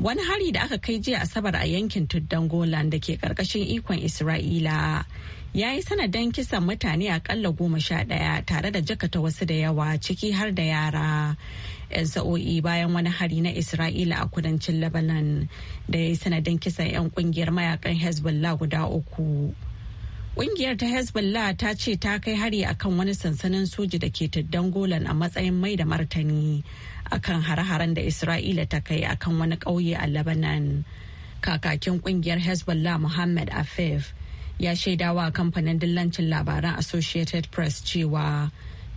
wani hari da aka kai jiya asabar a yankin tuddan golan da ke karkashin ikon isra'ila ya yi sanadin kisan mutane akalla goma sha ɗaya tare da jakata wasu da yawa ciki har da yara yan sa'o'i bayan wani hari na isra'ila a kudancin lebanon da ya yi sanadin kisan 'yan kungiyar mayakan hezbollah guda uku Ƙungiyar ta Hezbollah ta ce ta kai hari akan wani sansanin soji da ke tuddan Golan a matsayin mai da martani akan hare-haren da isra'ila ta kai akan wani ƙauye a lebanon kakakin kungiyar hezbollah muhammad afif ya shaidawa kamfanin dillancin labaran associated press cewa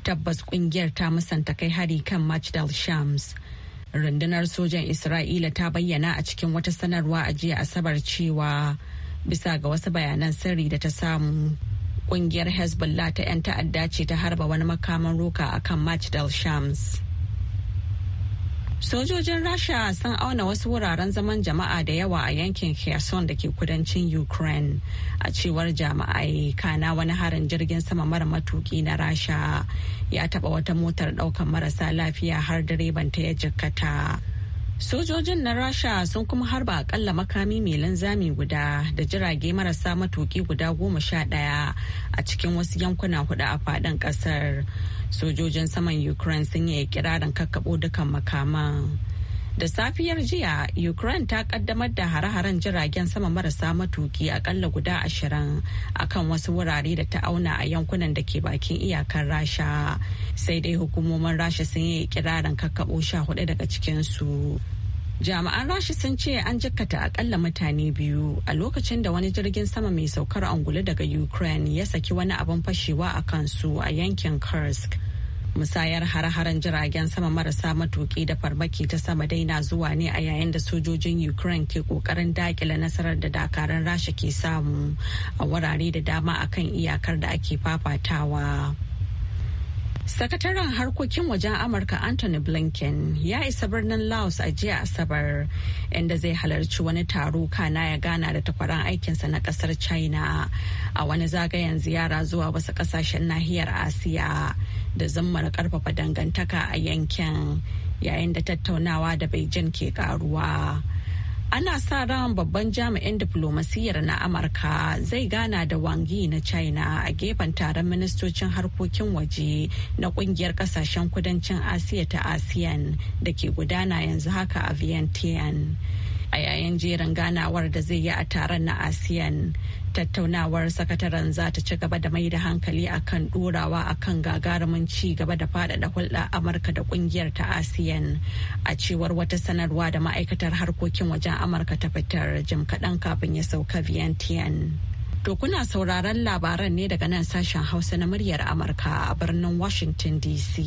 tabbas kungiyar ta musanta kai hari kan Majdal shams rundunar sojan isra'ila ta bayyana a cikin wata sanarwa a jiya asabar cewa bisa ga wasu bayanan sirri da ta samu kungiyar hezbollah ta 'yan ta'adda ce ta harba wani makaman roka akan Majdal shams Sojojin Rasha sun auna wasu wuraren zaman jama'a da yawa a yankin Kherson da ke kudancin Ukraine a cewar jama'ai kana wani harin jirgin sama mara matuki na Rasha ya taɓa wata motar daukan marasa lafiya har direban ta ya jikkata. Sojojin na Rasha sun kuma harba akalla makami mai linzami guda da jirage marasa matuki guda goma sha ɗaya a cikin wasu yankuna hudu a faɗin ƙasar. Sojojin saman Ukraine sun yi kirarin kakkaɓo dukan makaman. Da safiyar jiya, Ukraine ta kaddamar da hare-haren jiragen sama marasa matuki akalla guda ashirin akan wasu wurare da ta auna a yankunan da ke bakin iyakar Rasha. Sai dai hukumomin Rasha sun yi kirarin kakkaɓo sha hudu daga cikinsu. Jami'an Rasha sun ce an jikkata akalla mutane biyu a lokacin da wani jirgin sama mai saukar angulu daga Ukraine ya saki wani abin fashewa a kansu a yankin Kursk. musayar hare-haren jiragen sama marasa matuƙi da farmaki ta sama daina zuwa ne a yayin da sojojin ukraine ke ƙoƙarin daƙile nasarar da dakarun rasha ke samu a wurare da dama akan iyakar da ake fafatawa Sakataren harkokin wajen Amurka Anthony Blinken ya isa birnin Laos a jiya Asabar inda zai halarci wani taro kana ya gana da takwaran aikinsa na kasar China a wani zagayen ziyara zuwa wasu kasashen nahiyar Asiya da zammar karfafa dangantaka a yankin yayin da tattaunawa da Beijing ke karuwa. ana sa ran babban jami'in diflomasiyyar na amurka zai gana da wangi na china a gefen taron ministocin harkokin waje na kungiyar kasashen kudancin asiya ta asean da ke gudana yanzu haka a vientiane a yayin jerin ganawar da zai yi a taron na asean tattaunawar sakataren za ta ci gaba da mai da hankali akan ɗorawa akan gagarumin ci gaba da faɗaɗa hulɗa amurka da ƙungiyar ta asean a cewar wata sanarwa da ma'aikatar harkokin wajen amurka ta fitar jim kaɗan kafin ya sauka vientiane to kuna sauraron labaran ne daga nan sashen hausa na muryar amurka a birnin washington dc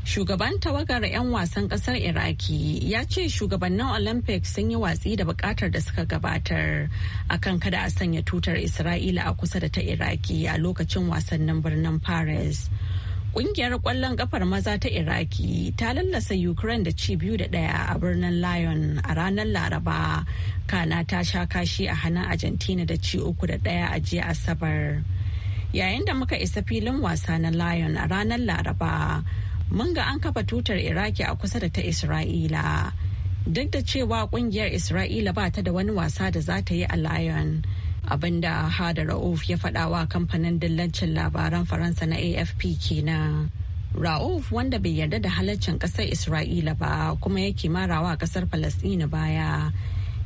Shugaban tawagar 'yan wasan kasar Iraki ya ce shugabannin Olympics sun yi watsi da bukatar da suka gabatar a kan kada a sanya tutar Isra'ila a kusa da ta Iraki a lokacin wasannin birnin Paris. Kungiyar kwallon kafar maza ta Iraki ta lallasa Ukraine da ci biyu da daya a birnin Lyon a ranar Laraba, kana ta sha kashi a hannun Argentina da ci uku da daya a jiya Asabar. Yayin da muka isa filin wasa na Lyon a ranar Laraba, mun ga an kafa tutar iraki a kusa da ta isra'ila duk da cewa kungiyar isra'ila ba ta da wani wasa da za ta yi a lion abinda hada ra'uf ya faɗawa kamfanin dillancin labaran faransa na afp kenan ra'uf wanda bai yarda da halaccin ƙasar isra'ila ba kuma ya marawa ƙasar falasɗina baya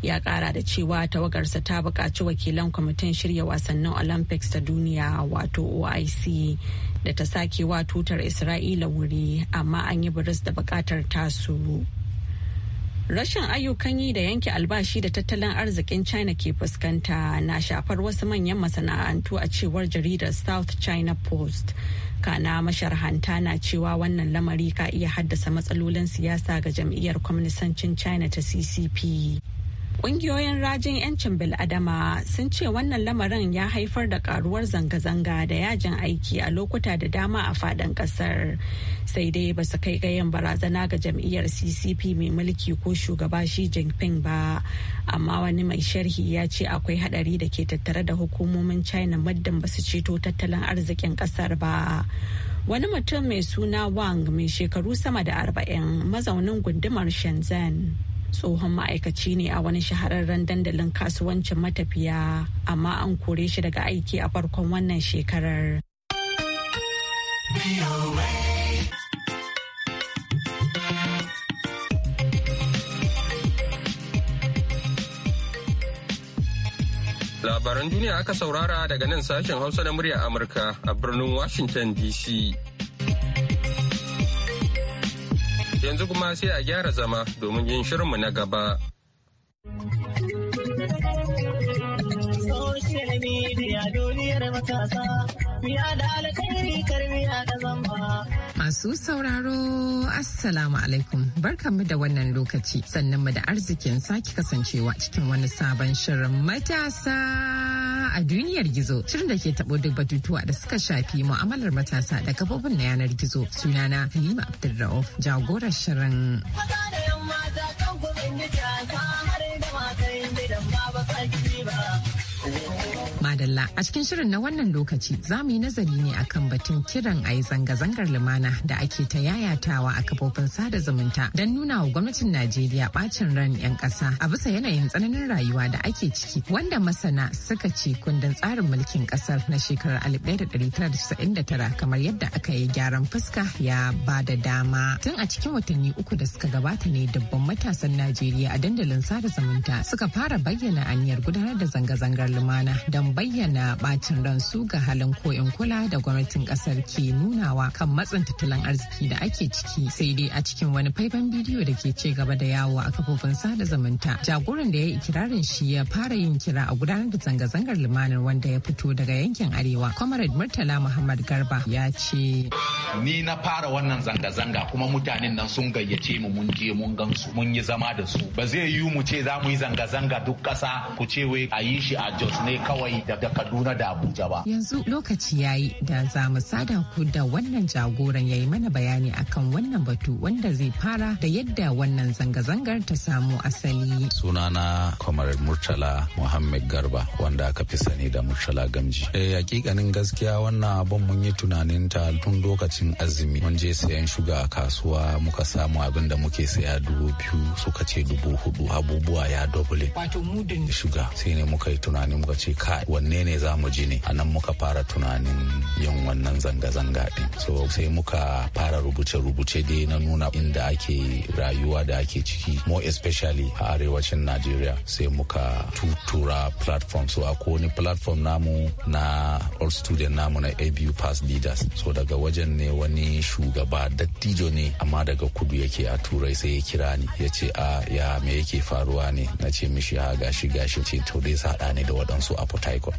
ya kara da cewa tawagarsa ta bukaci wakilan kwamitin shirya wasannin olympics ta duniya wato oic da ta sake wa tutar isra'ila wuri amma an yi biris da buƙatar tasu rashin ayyukan yi da yanke albashi da tattalin arzikin china ke fuskanta na shafar wasu manyan masana'antu a cewar jaridar south china post kana masharhanta na cewa wannan lamari ka iya haddasa matsalolin siyasa ga jam'iyyar kwamnisancin china ta ccp Ƙungiyoyin rajin 'yancin bil'adama sun ce wannan lamarin ya haifar da karuwar zanga-zanga da yajin aiki a lokuta da dama a faɗin ƙasar. Sai dai ba su kai gayan barazana ga jam'iyyar CCP mai mulki ko shugaba Xi Jinping ba. Amma wani mai sharhi ya ce akwai haɗari da ke tattare da hukumomin China muddin ba su ceto tattalin arzikin ƙasar ba. Wani mutum mai suna Wang mai shekaru sama da arba'in mazaunin gundumar Shenzhen. tsohon ma'aikaci ne a wani shahararren dandalin kasuwancin matafiya amma an kore shi daga aiki a farkon wannan shekarar. Labaran duniya aka saurara daga nan sashen Hausa na murya Amurka a birnin Washington DC. Yanzu kuma sai a gyara zama domin yin shirinmu na gaba. Masu sauraro Assalamu alaikum barkanmu da wannan lokaci sannan mu da arzikin sake kasancewa cikin wani sabon shirin matasa a duniyar gizo shirin da ke tabo duk batutuwa da suka shafi mu'amalar matasa da kafofin na yanar gizo sunana Halima Abdulrauf jagorar shirin. madalla a cikin shirin na wannan lokaci za mu yi nazari ne akan batun kiran a yi zanga-zangar lumana da ake ta yayatawa a kafofin sada zumunta don nuna wa gwamnatin Najeriya bacin ran 'yan ƙasa a bisa yanayin tsananin rayuwa da ake ciki wanda masana suka ce kundin tsarin mulkin ƙasar na shekarar 1999 kamar yadda aka yi gyaran fuska ya ba da dama tun a cikin watanni uku da suka gabata ne dabban matasan Najeriya a dandalin sada zumunta suka fara bayyana aniyar gudanar da zanga-zangar lumana don bayyana bayyana bacin ransu ga halin koyon kula da gwamnatin kasar ke nunawa kan matsin tattalin arziki da ake ciki sai dai a cikin wani faifan bidiyo da ke ce gaba da yawo a kafofin sada zumunta jagoran da ya yi ikirarin shi ya fara yin kira a gudanar da zanga-zangar limanin wanda ya fito daga yankin arewa comrade murtala muhammad garba ya ce ni na fara wannan zanga-zanga kuma mutanen nan sun gayyace mu mun je mun gansu mun yi zama da su ba zai yiwu mu ce za mu yi zanga-zanga duk ƙasa ku ce wai a yi shi a jos ne kawai da da kaduna da abuja ba yanzu lokaci yayi da za mu sada ku da wannan jagoran ya yi mana bayani akan wannan batu wanda zai fara da yadda wannan zanga-zangar ta samu asali sunana kamar murtala muhammad garba wanda aka fi sani da murtala gamji eh hakikanin gaskiya wannan abin mun yi tunanin ta tun lokacin azumi mun je sayan shuga a kasuwa muka samu abin da muke saya dubu biyu suka ce dubu hudu abubuwa ya dubule wato mudin shuga sai ne muka yi tunanin muka ce kai wanne menene za mu ji ne a nan muka fara tunanin yin wannan zanga-zanga din so sai muka fara rubuce-rubuce dai na nuna inda ake rayuwa da ake ciki more especially a arewacin nigeria sai muka tutura platform so akwai wani platform namu na all student namu na abu pass leaders so daga wajen ne wani shugaba dattijo ne amma daga kudu yake a turai sai ya kira ni ya ce a ya me yake faruwa ne na ce mishi ha gashi gashi ce to dai sa ne da waɗansu a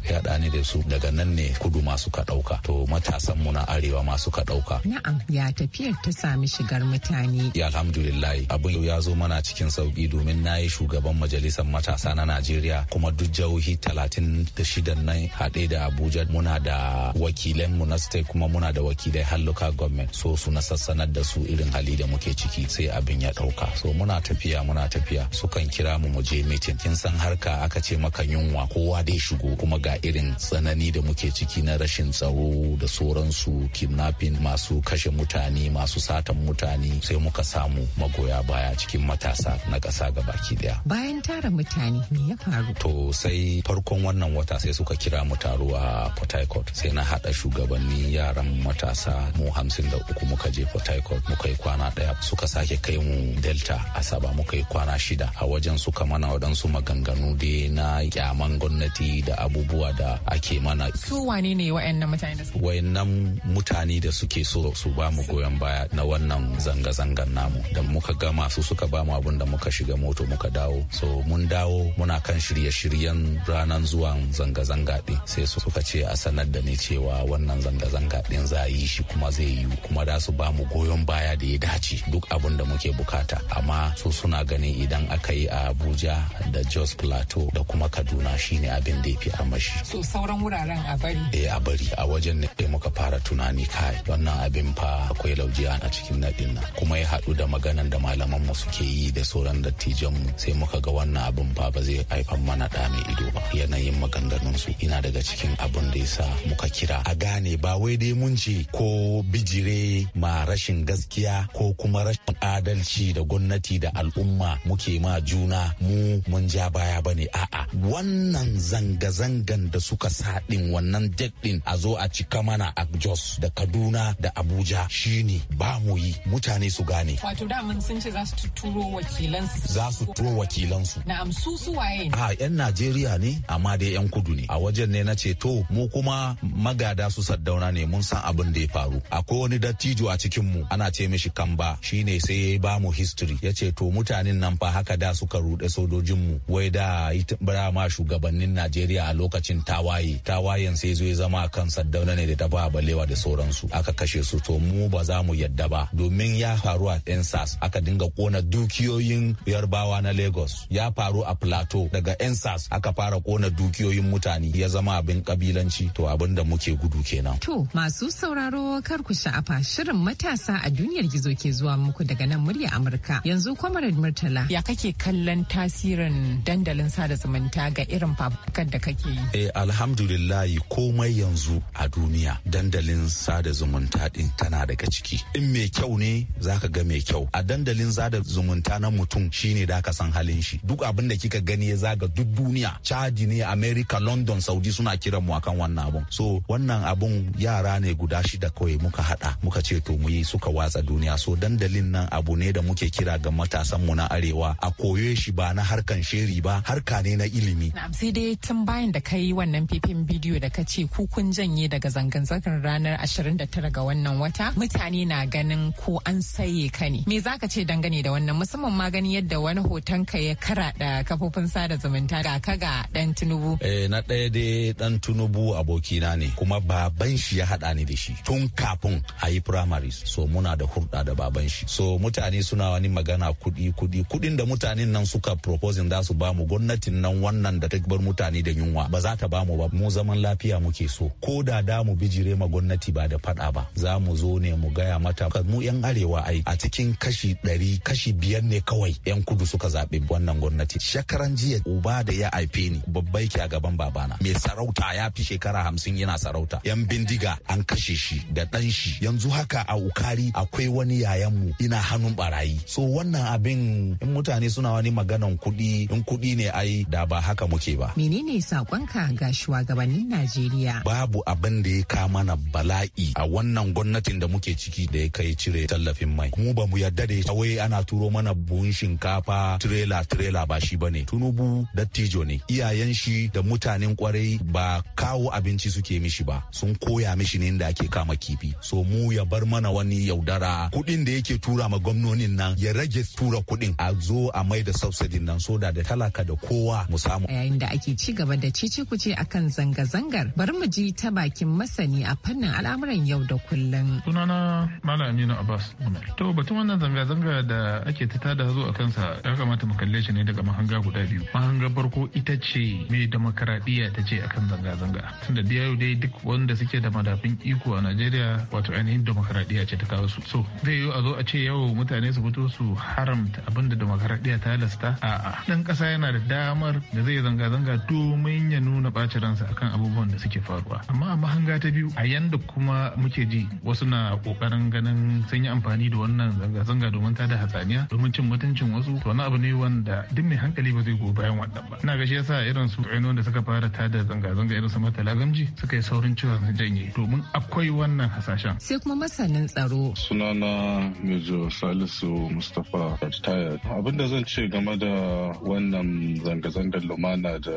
yaɗa ne ni da su daga nan ne kudu ma suka ɗauka to matasan mu na arewa ma suka ɗauka. Na'am ya tafiyar ta sami shigar mutane. Ya alhamdulillah abin ya zo mana cikin sauki domin na yi shugaban majalisar matasa na Najeriya kuma duk jihohi talatin da shidan nan haɗe da Abuja muna da wakilan mu na state kuma muna da wakilai har local government so su na sassanar da su irin hali da muke ciki sai abin ya ɗauka so muna tafiya muna tafiya sukan kira mu mu je mitin kin san harka aka ce maka yunwa kowa dai shigo kuma ga irin tsanani da muke ciki na rashin tsaro da sauransu kidnapping masu kashe mutane masu satan mutane sai muka samu magoya baya cikin matasa na ƙasa gabaki daya bayan tara mutane me ya faru to sai farkon wannan wata sai suka kira mu taro a port harcourt sai na haɗa shugabanni yaran matasa mu hamsin da uku muka je port harcourt muka yi kwana ɗaya suka sake kai mu delta asaba muka yi kwana shida a wajen suka mana waɗansu maganganu dai na kyaman gwamnati da abubuwa abubuwa da ake mana su wane ne wayannan mutane da su wayannan mutane da suke so su ba mu goyon baya na wannan zanga-zangan namu da muka ga masu suka ba mu abin da muka shiga moto muka dawo so mun dawo muna kan shirye-shiryen ranar zuwan zanga-zanga din sai su suka ce a sanar da ni cewa wannan zanga-zanga din za yi shi kuma zai yi kuma da su ba mu goyon baya da ya dace duk abin da muke bukata amma su suna ganin idan aka yi a abuja da jos plateau da kuma kaduna shine abin da ya fi armashi shi so sauran wuraren a bari eh a bari a wajen ne muka fara tunani kai wannan abin fa akwai laujiya a cikin nadin nan kuma ya haɗu da maganan da malaman mu suke yi da sauran dattijan mu sai muka ga wannan abin fa ba zai haifar mana da mai ido ba yanayin maganganun su ina daga cikin abin da yasa muka kira a gane ba wai dai mun ce ko bijire ma rashin gaskiya ko kuma rashin adalci da gwamnati da al'umma muke ma juna mu mun ja baya bane a'a wannan zanga-zanga da suka sa ɗin wannan jet ɗin a zo a cika mana a Jos da Kaduna da Abuja shine ba mu yi mutane su gane. Wato d'a mun sun ce za su turo wakilansu. Za su turo wakilansu. Na amsu su waye. Ah, yan Najeriya ne amma dai yan kudu ne. A wajen ne na ce to mu kuma magada su saddauna ne mun san abin da ya faru. Akwai wani dattijo a cikin mu ana ce mishi kamba shine sai ya ba mu history ya ce to mutanen nan fa haka da suka ruɗe sojojin mu wai da ba ma shugabannin Najeriya a lokacin lokacin tawaye tawayen sai zo ya zama kan saddauna ne da ta ba balewa da sauransu aka kashe su to mu ba za mu yadda ba domin ya faru a ensas aka dinga kona dukiyoyin yarbawa na lagos ya faru a plateau daga ensas aka fara kona dukiyoyin mutane ya zama abin kabilanci to abin da muke gudu kenan to masu sauraro kar ku sha'afa shirin matasa a duniyar gizo ke zuwa muku daga nan murya amurka yanzu comrade murtala ya kake kallon tasirin dandalin sada zumunta ga irin fafukan da kake yi Eh alhamdulillahi komai yanzu a duniya dandalin sada zumunta din tana daga ciki. In mai kyau ne zaka ga mai kyau. A dandalin sada zumunta na mutum shine da ka san halin shi. Duk abin da kika gani ya zaga duk duniya. Chadi ne America London Saudi suna kiran mu akan wannan abun. So wannan abun yara ne guda shida kawai muka hada muka ce to mu yi suka watsa duniya. So dandalin nan abu ne da muke kira ga matasan mu na arewa a koyo shi ba na harkan sheri ba harka ne na ilimi. sai dai tun bayan da kai yi wannan fifin bidiyo da ka ce ku kun janye daga zangan zangar ranar 29 ga wannan wata mutane na ganin ko an saye ka ne me zaka ce dangane da wannan musamman ma gani yadda wani hoton ka ya karaɗa kafofin sada zumunta ga ka ga dan tunubu eh na ɗaya dai dan tunubu abokina ne kuma baban shi ya haɗa ni da shi tun kafin a yi primaries so muna da hulɗa da baban shi so mutane suna wani magana kuɗi kuɗi kuɗin da mutanen nan suka proposing za su ba mu gwamnatin nan wannan da ta bar mutane da yunwa ba za ta bamu ba mu zaman lafiya muke so ko da da mu bijire ma gwamnati ba da fada ba za mu zo ne mu gaya mata mu yan arewa ai a cikin kashi ɗari kashi biyar ne kawai yan kudu suka zaɓi wannan gwamnati shekaran jiya uba da ya haife ni babba yake a gaban babana mai sarauta ya fi shekara hamsin yana sarauta yan bindiga an kashe shi da ɗan shi yanzu haka a ukari akwai wani yayan mu. ina hannun barayi so wannan abin in mutane suna wani maganan kuɗi in kuɗi ne ai da ba haka muke ba menene sakonka haka ga shugabannin Najeriya. Babu abin da ya kama na bala'i a wannan gwamnatin da muke ciki da ya kai cire tallafin mai. Mu ba mu yarda da ya ana turo mana buhun shinkafa tirela tirela ba shi bane. Tunubu dattijo ne. Iyayen shi da mutanen kwarai ba kawo abinci suke mishi ba. Sun koya mishi ne da ake kama kifi. So mu ya bar mana wani yaudara kuɗin da yake tura ma gwamnonin nan ya rage tura kuɗin a zo a mai da subsidy nan so da talaka da kowa mu samu. Yayin da ake ci gaba da cici kuce akan zanga-zangar bari mu ji ta bakin masani a fannin al'amuran yau da kullum. Sunana Malam Aminu Abbas Umar. To batun wannan zanga-zanga da ake ta tada zo a kansa ya kamata mu kalle shi ne daga mahanga guda biyu. Mahanga farko ita ce me demokaradiyya ta ce akan zanga-zanga. Tunda da yau dai duk wanda suke da madafin iko a Najeriya wato ainihin demokaradiyya ce ta kawo su. So zai yiwu a zo a ce yau mutane su fito su haramta abinda da demokaradiyya ta halasta. A'a. ɗan ƙasa yana da damar da zai zanga-zanga domin ya nuna nuna bacin ransa akan abubuwan da suke faruwa amma a mahanga ta biyu a yanda kuma muke ji wasu na kokarin ganin sun yi amfani da wannan zanga-zanga domin ta da hatsaniya domin cin mutuncin wasu to wani abu ne wanda duk mai hankali ba zai go bayan wannan ba ina ga shi yasa irin su ainihin da suka fara ta da zanga-zanga irin su matala lagamji suka yi saurin cewa su janye domin akwai wannan hasashen sai kuma masanin tsaro sunana Mejo Salisu Mustapha abin abinda zan ce game da wannan zanga-zangar lumana da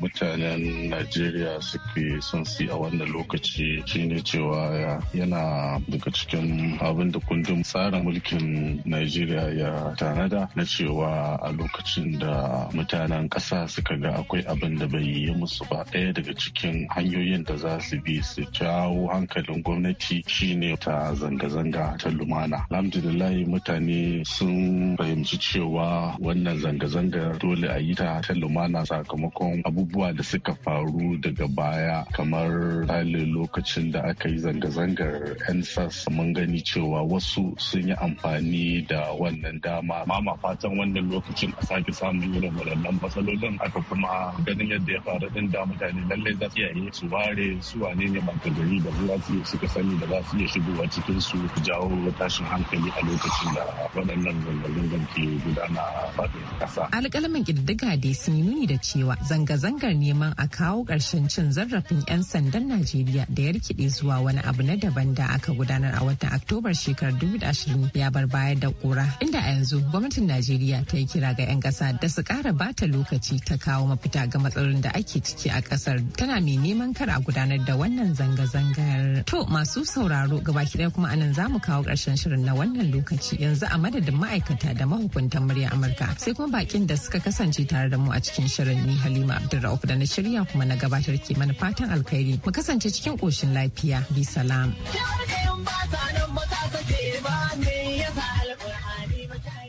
mutane 'yan najeriya suke son su a wannan lokaci shine cewa yana daga cikin abin da kundin tsarin mulkin najeriya ya tanada na cewa a lokacin da mutanen ƙasa suka ga akwai abin da bai yi musu ba ɗaya daga cikin hanyoyin da za su bi su jawo hankalin gwamnati shine ta zanga-zanga ta lumana alhamdulillah mutane sun fahimci cewa wannan zanga-zanga dole a yi ta ta lumana sakamakon abubuwa da suka suka faru daga baya kamar hali lokacin da aka yi zanga-zangar ensas mun gani cewa wasu sun yi amfani da wannan dama mama fatan wannan lokacin a sake samun yin waɗannan matsalolin aka kuma ganin yadda ya faru din da mutane lallai za su iya su ware su wane ne ba gari da za su suka sani da za su iya a cikin su jawo tashin hankali a lokacin da waɗannan zanga-zangar ke gudana a faɗin ƙasa. alƙalamin ƙididdiga dai sun yi nuni da cewa zanga-zangar neman a kawo ƙarshen cin zarafin 'yan sandan Najeriya da ya rikide zuwa wani abu na daban da aka gudanar a watan Oktobar shekarar 2020 ya bar baya da kura inda a yanzu gwamnatin Najeriya ta yi kira ga 'yan ƙasa da su ƙara bata lokaci ta kawo mafita ga matsalolin da ake ciki a ƙasar tana mai neman kar a gudanar da wannan zanga-zangar. To masu sauraro gaba ɗaya kuma anan za mu kawo ƙarshen shirin na wannan lokaci yanzu a madadin ma'aikata da mahukuntan murya Amurka sai kuma bakin da suka kasance tare da mu a cikin shirin ni Halima Abdulrahman da na shirin shirya kuma na gabatar ke mana fatan alkhairi mu kasance cikin koshin lafiya bi salam.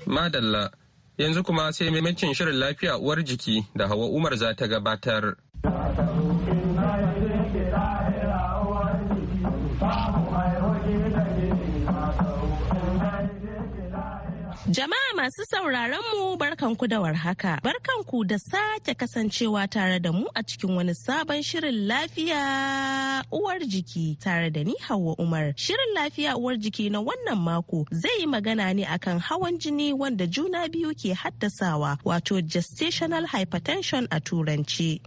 Madalla yanzu kuma sai maimakin shirin lafiya uwar jiki da hawa Umar za ta gabatar. Jama'a masu sauraron mu barkanku da warhaka. Barkanku da sake kasancewa tare da mu a cikin wani sabon shirin lafiya uwar jiki tare da ni Hauwa Umar. Shirin lafiya uwar jiki na wannan mako zai yi magana ne akan hawan jini wanda juna biyu ke haddasawa wato gestational hypertension a turanci.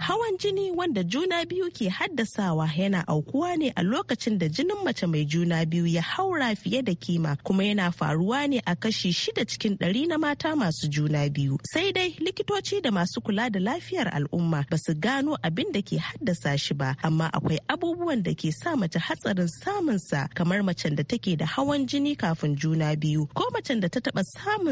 Hawan jini wanda juna biyu ke haddasawa yana aukuwa ne a lokacin da jinin mace mai juna biyu ya haura fiye da kima kuma yana faruwa ne a kashi shida cikin ɗari na mata masu juna biyu. Sai dai likitoci da masu kula da lafiyar al'umma ba su gano abin da ke haddasa shi ba amma akwai abubuwan da ke sa mace hatsarin samun sa kamar macen da take da hawan jini kafin juna biyu ko macen da ta taɓa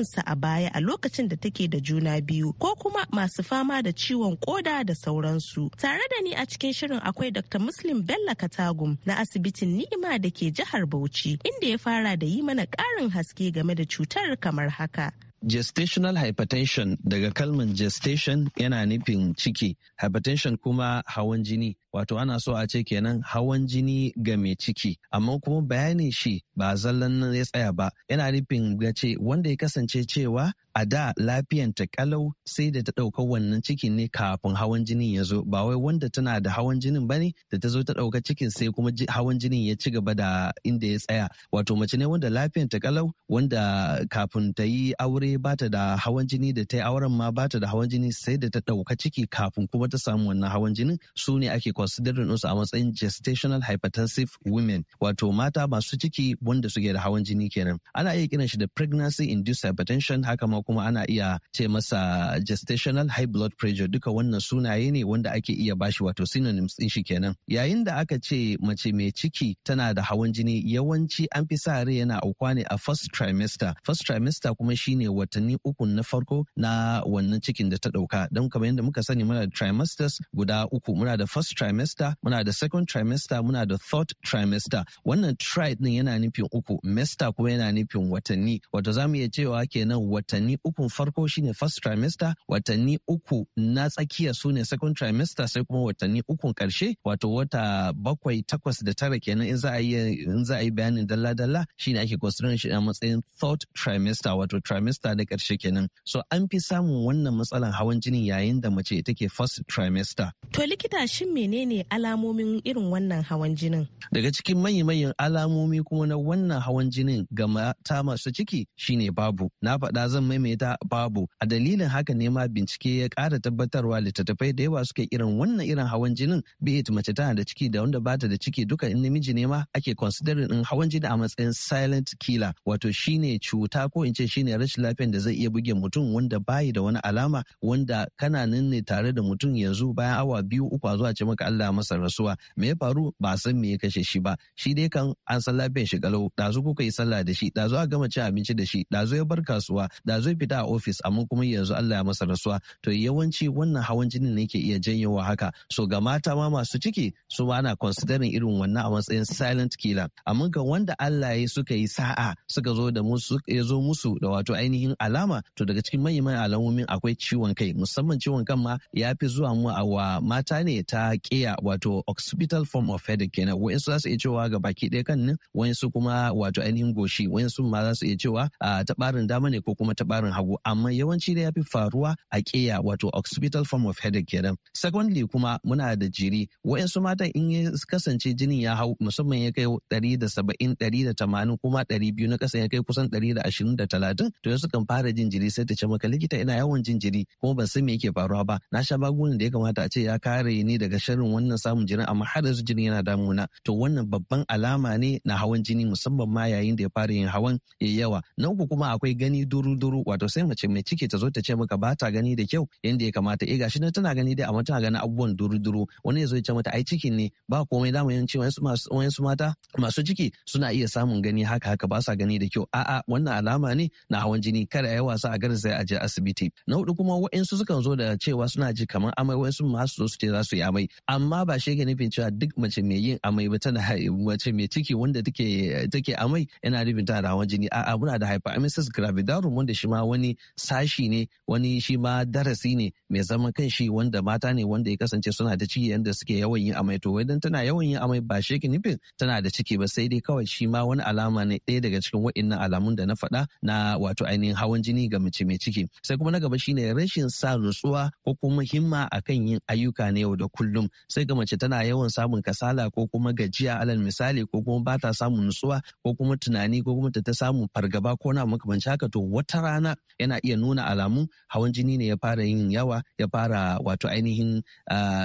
sa a baya a lokacin da take da juna biyu ko kuma masu fama da ciwon koda da sauran sauransu. Tare da ni a cikin shirin akwai Dr. Muslim Bello Katagum na asibitin Ni'ima da ke jihar Bauchi inda ya fara da yi mana ƙarin haske game da cutar kamar haka. Gestational hypertension daga kalman gestation yana nufin ciki, hypertension kuma hawan jini. wato ana so a ce kenan hawan jini ga mai ciki amma kuma bayanin shi ba zallan nan ya tsaya ba yana nufin ga ce wanda ya kasance cewa a da lafiyanta kalau sai da ta ɗauka wannan cikin ne kafin hawan jinin ya zo ba wai wanda tana da hawan jinin ba ne da ta zo ta ɗauka cikin sai kuma hawan jinin ya ci gaba da inda ya tsaya wato mace ne wanda lafiyanta kalau wanda kafin ta yi aure ba ta da hawan jini da ta yi auren ma ba ta da hawan jini sai da ta ɗauka ciki kafin kuma ta samu wannan hawan jinin su ne ake considering ɗinsu a matsayin gestational hypertensive women wato mata masu ciki wanda suke da hawan jini kenan ana iya kiran shi da pregnancy induced hypertension haka ma kuma ana iya ce masa gestational high blood pressure duka wannan sunaye ne wanda ake iya bashi wato synonyms din shi kenan yayin da aka ce mace mai ciki tana da hawan jini yawanci an fi sa rai yana aukwa ne a first trimester first trimester kuma shine watanni uku na farko na wannan cikin da ta dauka don kamar yadda muka sani muna da trimesters guda uku muna da first trimester trimester muna da second trimester muna da third trimester wannan tri din yana nufin uku mester kuma yana nufin watanni wato zamu iya cewa kenan watanni uku farko shine first trimester watanni uku na tsakiya su ne second trimester sai kuma watanni uku karshe wato wata bakwai takwas da tara kenan in za a yi in za a yi bayanin dalla dalla shine ake considering shi a matsayin third trimester wato trimester da karshe kenan so an fi samun wannan matsalan hawan jini yayin da mace take first trimester to likita shin menene menene alamomin irin wannan hawan jinin daga cikin manyan alamomi kuma na wannan hawan jinin ga mata masu ciki shine babu na faɗa zan maimaita babu a dalilin haka ne ma bincike ya ƙara tabbatarwa littattafai da yawa suka irin wannan irin hawan jinin bi mace tana da ciki da wanda bata da ciki duka in namiji ne ma ake considering din hawan jini a matsayin silent killer wato shine cuta ko in ce shine rashin lafiyar da zai iya buge mutum wanda bayi da wani alama wanda kana nan ne tare da mutum yanzu bayan awa biyu uku zuwa ce maka Allah masa rasuwa me ya faru ba san me ya kashe shi ba shi dai kan an san lafiyar shi galau dazu kuka yi sallah da shi dazu a gama cin abinci da shi dazu ya bar kasuwa dazu ya fita a ofis amma kuma yanzu Allah ya masa rasuwa to yawanci wannan hawan jinin ne yake iya janyowa haka so ga mata ma masu ciki su ma ana considering irin wannan a matsayin silent killer amma ga wanda Allah ya suka yi sa'a suka zo da musu ya zo musu da wato ainihin alama to daga cikin manyan alamomin akwai ciwon kai musamman ciwon kan ma ya fi zuwa mu a wa mata ne ta ke iya wato occipital form of headache kenan wayan su zasu iya cewa ga baki ɗaya kan nan su kuma wato ainihin goshi su ma zasu iya cewa ta barin dama ne ko kuma ta hagu amma yawanci da yafi faruwa a ƙeya wato occipital form of headache kenan secondly kuma muna da jiri su mata in ya kasance jinin ya hau musamman ya kai ɗari da saba'in ɗari da tamanin kuma ɗari biyu na ƙasa ya kai kusan ɗari da ashirin da talatin to yanzu kan fara jin jiri sai ta ce maka likita ina yawan jin jiri kuma ban san me yake faruwa ba na sha magungunan da ya kamata a ce ya kare ni daga shirin irin wannan samun jinin, amma har yanzu jini yana damuna to wannan babban alama ne na hawan jini musamman ma yayin da ya fara yin hawan ya yawa na uku kuma akwai gani duru duru wato sai mace mai ciki ta zo ta ce maka ba ta gani da kyau yadda ya kamata eh gashi nan tana gani dai amma tana ganin abubuwan duru duru wani ya zo ya ce mata ai cikin ne ba komai zamu yin cewa wayansu mata masu ciki suna iya samun gani haka haka ba sa gani da kyau a'a wannan alama ne na hawan jini kada ya wasa a sai a je asibiti na hudu kuma wayansu sukan zo da cewa suna ji kamar amai wa'insu ma su zo su ce za su yi amai amma ba shi nufin cewa duk mace mai yin amai ba tana mace mai ciki wanda take take amai yana nufin ta da hawan jini a'a muna da hyperemesis gravidarum wanda shi ma wani sashi ne wani shi ma darasi ne mai zaman kanshi wanda mata ne wanda ya kasance suna da ciki yanda suke yawan yin amai to idan tana yawan yin amai ba shi nufin tana da ciki ba sai dai kawai shi ma wani alama ne ɗaya daga cikin wa'innan alamun da na faɗa na wato ainihin hawan jini ga mace mai ciki sai kuma na gaba shine rashin sa nutsuwa ko kuma himma akan yin ayyuka na yau da kullum sai ga mace tana yawan samun kasala ko kuma gajiya alal misali ko kuma ba ta samun nutsuwa ko kuma tunani ko kuma ta samu samun fargaba ko na makamancin haka to wata rana yana iya nuna alamu hawan jini ne ya fara yin yawa ya fara wato ainihin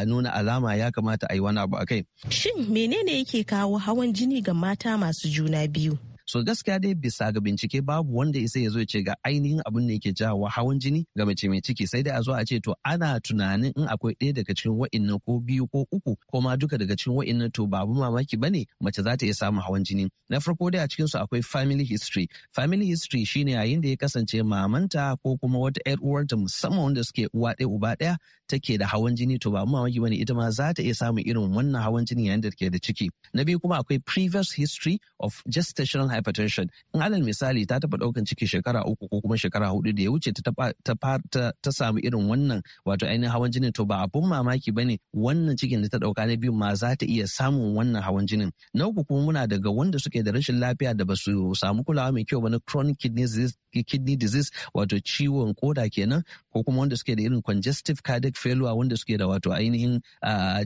nuna alama ya kamata a yi wani abu a kai. Shin menene yake kawo hawan jini ga mata masu juna biyu? so gaskiya dai bisa ga bincike babu wanda isa ya zo ya ce ga ainihin abin da yake jawo hawan jini ga mace mai ciki sai dai a zo a ce to ana tunanin in akwai ɗaya daga cikin wa'innan ko biyu ko uku ko ma duka daga cikin wa'innan to babu mamaki bane mace za ta iya samun hawan jini na farko dai a cikin su akwai family history family history shine yayin da ya kasance mamanta ko kuma wata yar uwarta musamman wanda suke uwa ɗaya uba ɗaya take da hawan jini to ba mu mamaki bane ita ma za ta iya samun irin wannan hawan jini yayin da take da ciki na biyu kuma akwai previous history of gestational hypertension in alal misali ta taba daukan ciki shekara uku ko kuma shekara hudu da ya wuce ta ta samu irin wannan wato ainihin hawan jini to ba abun mamaki bane wannan cikin da ta dauka na biyu ma za ta iya samun wannan hawan jinin na uku kuma muna daga wanda suke da rashin lafiya da ba su samu kulawa mai kyau ba na chronic kidney disease kidney disease wato ciwon koda kenan ko kuma wanda suke da irin congestive cardiac failure wanda suke da wato ainihin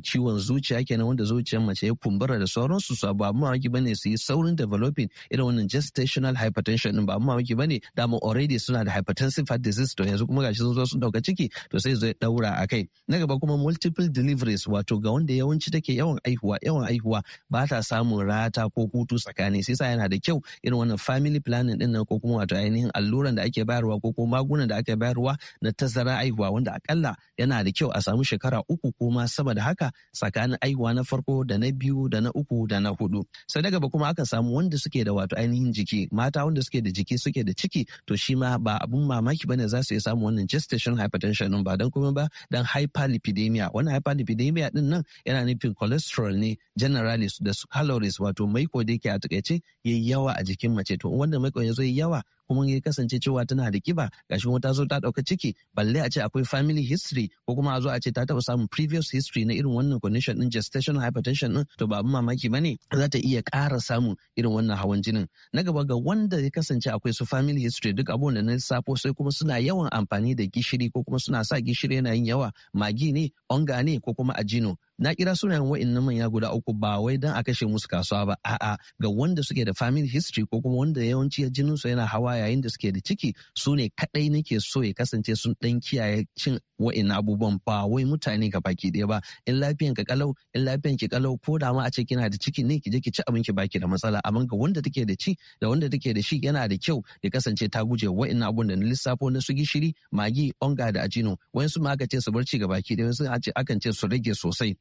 ciwon zuciya kenan wanda zuciyar mace ya kumbura da sauransu su ba mu mamaki bane su yi saurin developing irin wannan gestational hypertension din ba mu mamaki bane mu already suna da hypertensive heart disease to yanzu kuma gashi sun zo sun dauka ciki to sai zai daura a kai na gaba kuma multiple deliveries wato ga wanda yawanci take yawan aihuwa yawan aihuwa ba ta samun rata ko hutu tsakani sai sa yana da kyau irin wannan family planning din nan ko kuma wato ainihin alluran da ake bayarwa ko kuma magunan da ake bayarwa na tazara aihuwa wanda akalla yana yana da kyau a samu shekara uku ko saboda haka tsakanin aihuwa na farko da na biyu da na uku da na hudu sai daga ba kuma aka samu wanda suke da wato ainihin jiki mata wanda suke da jiki suke da ciki to shi ma ba abun mamaki bane za su iya samu wannan gestation hypertension din ba dan kuma ba dan hyperlipidemia wannan hyperlipidemia din nan yana nufin cholesterol ne generalis da calories wato maiko da yake a takaice yayi yawa a jikin mace to wanda maikon ya zo yayi yawa kuma ya kasance cewa tana da kiba gashi kuma ta zo ta dauka ciki balle a ce akwai family history ko kuma a zo a ce ta taba samun previous history na irin wannan condition din gestational hypertension din to ba mamaki bane za ta iya ƙara samun irin wannan hawan jinin na gaba ga wanda ya kasance akwai su family history duk abubuwan da na lissafo sai kuma suna yawan amfani da gishiri ko kuma suna sa gishiri yana yin yawa magi ne onga ne ko kuma ajino na kira sunayen wa'annan manya guda uku ba wai dan a kashe musu kasuwa ba a'a ga wanda suke da family history ko kuma wanda yawanci ya jinin su yana hawa yayin da suke da ciki su ne kadai nake so ya kasance sun dan kiyaye cin wa'annan abubuwan ba wai mutane ga baki ɗaya ba in lafiyan ka kalau in lafiyan ki kalau ko da ma a ce kina da ciki ne ki je ki ci abin ki baki da matsala amma ga wanda take da ci da wanda take da shi yana da kyau ya kasance ta guje wa'annan abun da na lissafo na su gishiri magi onga da ajino wayansu ma aka ce su barci ga baki ɗaya wasu akan ce su rage sosai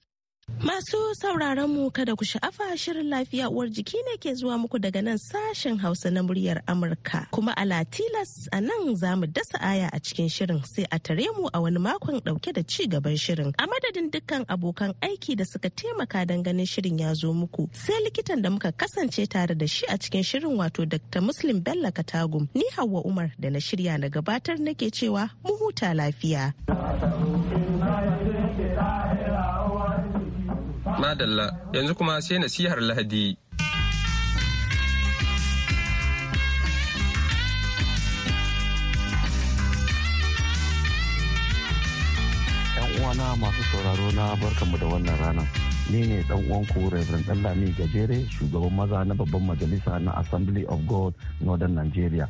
Masu sauraron mu kada ku sha'afa shirin lafiya uwar jiki ne ke zuwa muku daga nan sashen Hausa na muryar Amurka. Kuma a Latilas a nan za mu dasa aya a cikin shirin sai a tare mu a wani makon dauke da ci gaban shirin. A madadin dukkan abokan aiki da suka taimaka don ganin shirin ya zo muku. Sai likitan da muka kasance tare da shi a cikin shirin wato Dr. Muslim Bello Katagum. Ni Hauwa Umar da na shirya na gabatar nake cewa mu huta lafiya. Madalla yanzu kuma sai nasihar Lahadi. uwana masu sauraro na barkanmu da wannan rana ni ne uwan ku Reverend danlami Gajere shugaban maza na babban majalisa na Assembly of God Northern Nigeria.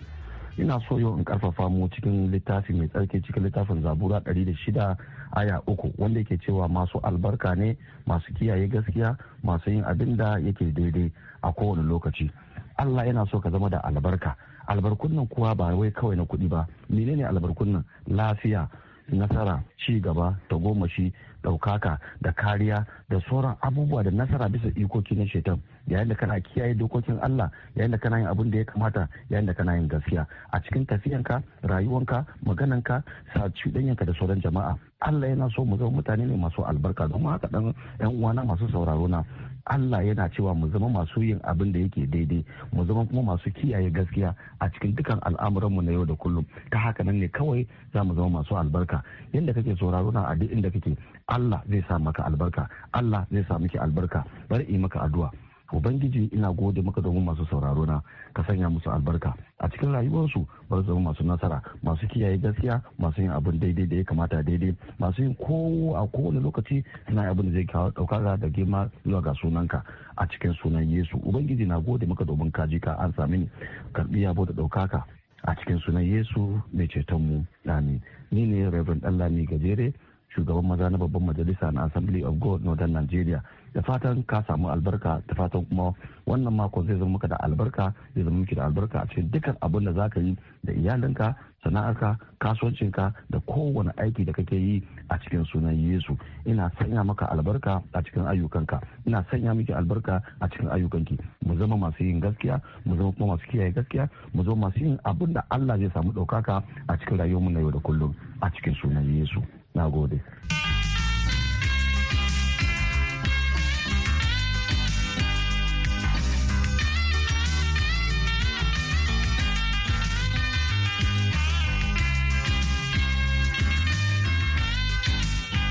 ina so yau in karfafa mu cikin littafi mai tsarki cikin littafin zabura ɗari da shida aya uku wanda yake cewa masu albarka ne masu kiyaye gaskiya masu yin abin da yake daidai a kowane lokaci Allah yana so ka zama da albarka albarkun nan kuwa ba wai kawai na kuɗi ba menene albarkun nan lafiya nasara ci gaba tagomashi ɗaukaka da kariya da sauran abubuwa da nasara bisa ikoki na shetan yayin da kana kiyaye dokokin Allah yayin da kana yin abin da ya kamata yayin da kana yin gaskiya a cikin tafiyanka rayuwanka magananka sa cuɗanyanka da sauran jama'a Allah yana so mu zama mutane ne masu albarka don haka dan yan uwana masu sauraro na Allah yana cewa mu zama masu yin abin da yake daidai mu zama kuma masu kiyaye gaskiya a cikin dukan al'amuranmu na yau da kullum ta haka nan ne kawai za mu zama masu albarka yadda kake sauraro na a duk inda kake Allah zai sa maka albarka Allah zai sa miki albarka bari yi maka addu'a ubangiji ina gode maka domin masu sauraro na ka sanya musu albarka a cikin rayuwarsu bari zama masu nasara masu kiyaye gaskiya masu yin abin daidai da ya kamata daidai masu yin kowa a kowane lokaci suna abin da zai kawo daukaka da girma zuwa ga sunanka a cikin sunan yesu ubangiji na gode maka domin ka ji ka an sami karbi yabo da daukaka a cikin sunan yesu mai ceton mu amin ni ne reverend allah ni gajere shugaban maza na babban majalisa na assembly of god northern nigeria da fatan ka samu albarka da fatan kuma wannan mako zai zama maka da albarka zai zama miki da albarka a cikin dukkan abin da zaka yi da iyalinka sana'arka kasuwancinka da kowane aiki da kake yi a cikin sunan yesu ina sanya maka albarka a cikin ayyukanka ina sanya miki albarka a cikin ayyukanki mu zama masu yin gaskiya mu zama kuma masu kiyaye gaskiya mu zama masu yin abin da allah zai samu ɗaukaka a cikin rayuwarmu na yau da kullum a cikin sunan yesu na gode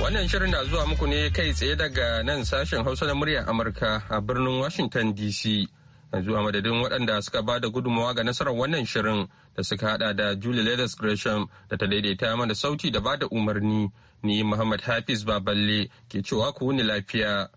Wannan shirin na zuwa muku ne kai tsaye daga nan sashen Hausa na muryar Amurka a birnin Washington DC. Yanzu a madadin waɗanda suka ba da gudunmawa ga nasarar wannan shirin da suka hada da Julie Leathers Gresham da ta daidaita mana sauti da bada umarni ni Muhammad Hafiz Baballe ke cewa ku wuni lafiya.